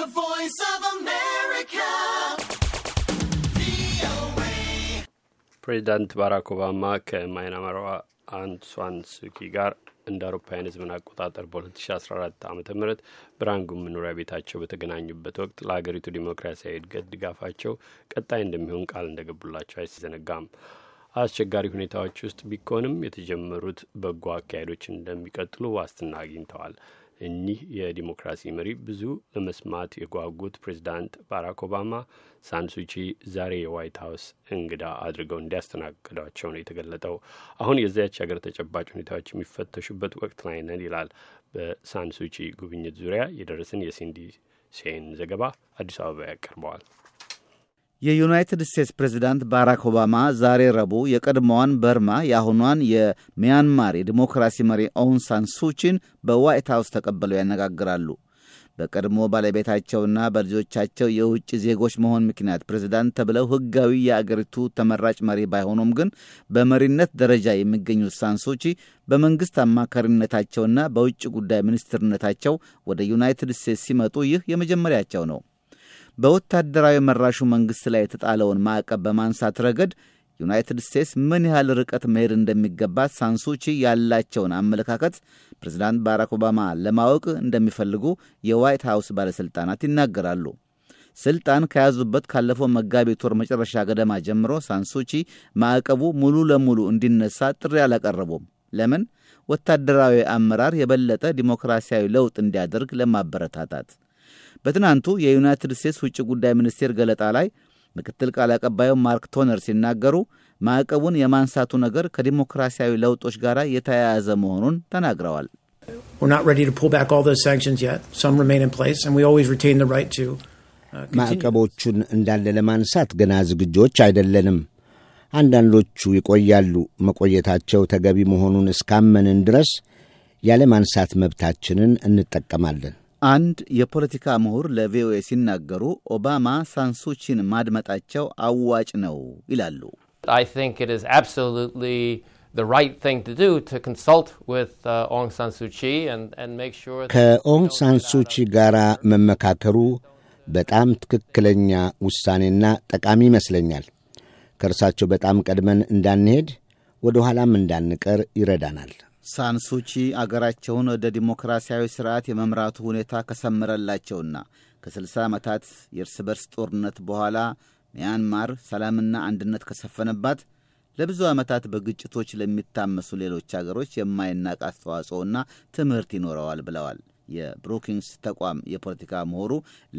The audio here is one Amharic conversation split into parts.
The Voice of America. ፕሬዚዳንት ባራክ ኦባማ ከማይናማሯ አንሷን ሱኪ ጋር እንደ አውሮፓውያን ህዝብን አቆጣጠር በ2014 ዓ ም ብራንጉም መኖሪያ ቤታቸው በተገናኙበት ወቅት ለሀገሪቱ ዲሞክራሲያዊ እድገት ድጋፋቸው ቀጣይ እንደሚሆን ቃል እንደገቡላቸው አይዘነጋም። አስቸጋሪ ሁኔታዎች ውስጥ ቢኮንም የተጀመሩት በጎ አካሄዶች እንደሚቀጥሉ ዋስትና አግኝተዋል። እኒህ የዲሞክራሲ መሪ ብዙ ለመስማት የጓጉት ፕሬዚዳንት ባራክ ኦባማ ሳንሱቺ ዛሬ የዋይት ሀውስ እንግዳ አድርገው እንዲያስተናግዷቸው ነው የተገለጠው። አሁን የዚያች ሀገር ተጨባጭ ሁኔታዎች የሚፈተሹበት ወቅት ላይ ነን ይላል በሳንሱቺ ጉብኝት ዙሪያ የደረሰን የሲንዲ ሴን ዘገባ አዲስ አበባ ያቀርበዋል። የዩናይትድ ስቴትስ ፕሬዚዳንት ባራክ ኦባማ ዛሬ ረቡዕ የቀድሞዋን በርማ የአሁኗን የሚያንማር የዲሞክራሲ መሪ ኦንሳን ሱቺን በዋይት ሃውስ ተቀብለው ያነጋግራሉ። በቀድሞ ባለቤታቸውና በልጆቻቸው የውጭ ዜጎች መሆን ምክንያት ፕሬዚዳንት ተብለው ሕጋዊ የአገሪቱ ተመራጭ መሪ ባይሆኑም ግን በመሪነት ደረጃ የሚገኙት ሳንሱቺ በመንግሥት አማካሪነታቸውና በውጭ ጉዳይ ሚኒስትርነታቸው ወደ ዩናይትድ ስቴትስ ሲመጡ ይህ የመጀመሪያቸው ነው። በወታደራዊ መራሹ መንግሥት ላይ የተጣለውን ማዕቀብ በማንሳት ረገድ ዩናይትድ ስቴትስ ምን ያህል ርቀት መሄድ እንደሚገባ ሳንሱቺ ያላቸውን አመለካከት ፕሬዝዳንት ባራክ ኦባማ ለማወቅ እንደሚፈልጉ የዋይት ሃውስ ባለሥልጣናት ይናገራሉ። ስልጣን ከያዙበት ካለፈው መጋቢት ወር መጨረሻ ገደማ ጀምሮ ሳንሱቺ ማዕቀቡ ሙሉ ለሙሉ እንዲነሳ ጥሪ አላቀረቡም። ለምን? ወታደራዊ አመራር የበለጠ ዲሞክራሲያዊ ለውጥ እንዲያደርግ ለማበረታታት በትናንቱ የዩናይትድ ስቴትስ ውጭ ጉዳይ ሚኒስቴር ገለጣ ላይ ምክትል ቃል አቀባዩ ማርክ ቶነር ሲናገሩ ማዕቀቡን የማንሳቱ ነገር ከዲሞክራሲያዊ ለውጦች ጋር የተያያዘ መሆኑን ተናግረዋል። uh, ማዕቀቦቹን እንዳለ ለማንሳት ገና ዝግጆች አይደለንም። አንዳንዶቹ ይቆያሉ። መቆየታቸው ተገቢ መሆኑን እስካመንን ድረስ ያለ ማንሳት መብታችንን እንጠቀማለን። አንድ የፖለቲካ ምሁር ለቪኦኤ ሲናገሩ ኦባማ ሳንሱቺን ማድመጣቸው አዋጭ ነው ይላሉ። uh, ከኦንግ ሳንሱቺ ጋር መመካከሩ በጣም ትክክለኛ ውሳኔና ጠቃሚ ይመስለኛል። ከእርሳቸው በጣም ቀድመን እንዳንሄድ ወደ ኋላም እንዳንቀር ይረዳናል። ሳንሱቺ አገራቸውን ወደ ዲሞክራሲያዊ ስርዓት የመምራቱ ሁኔታ ከሰመረላቸውና ከ60 ዓመታት የእርስ በርስ ጦርነት በኋላ ሚያንማር ሰላምና አንድነት ከሰፈነባት ለብዙ ዓመታት በግጭቶች ለሚታመሱ ሌሎች አገሮች የማይናቅ አስተዋጽኦና ትምህርት ይኖረዋል ብለዋል። የብሩኪንግስ ተቋም የፖለቲካ ምሁሩ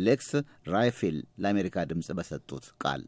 ሌክስ ራይፊል ለአሜሪካ ድምፅ በሰጡት ቃል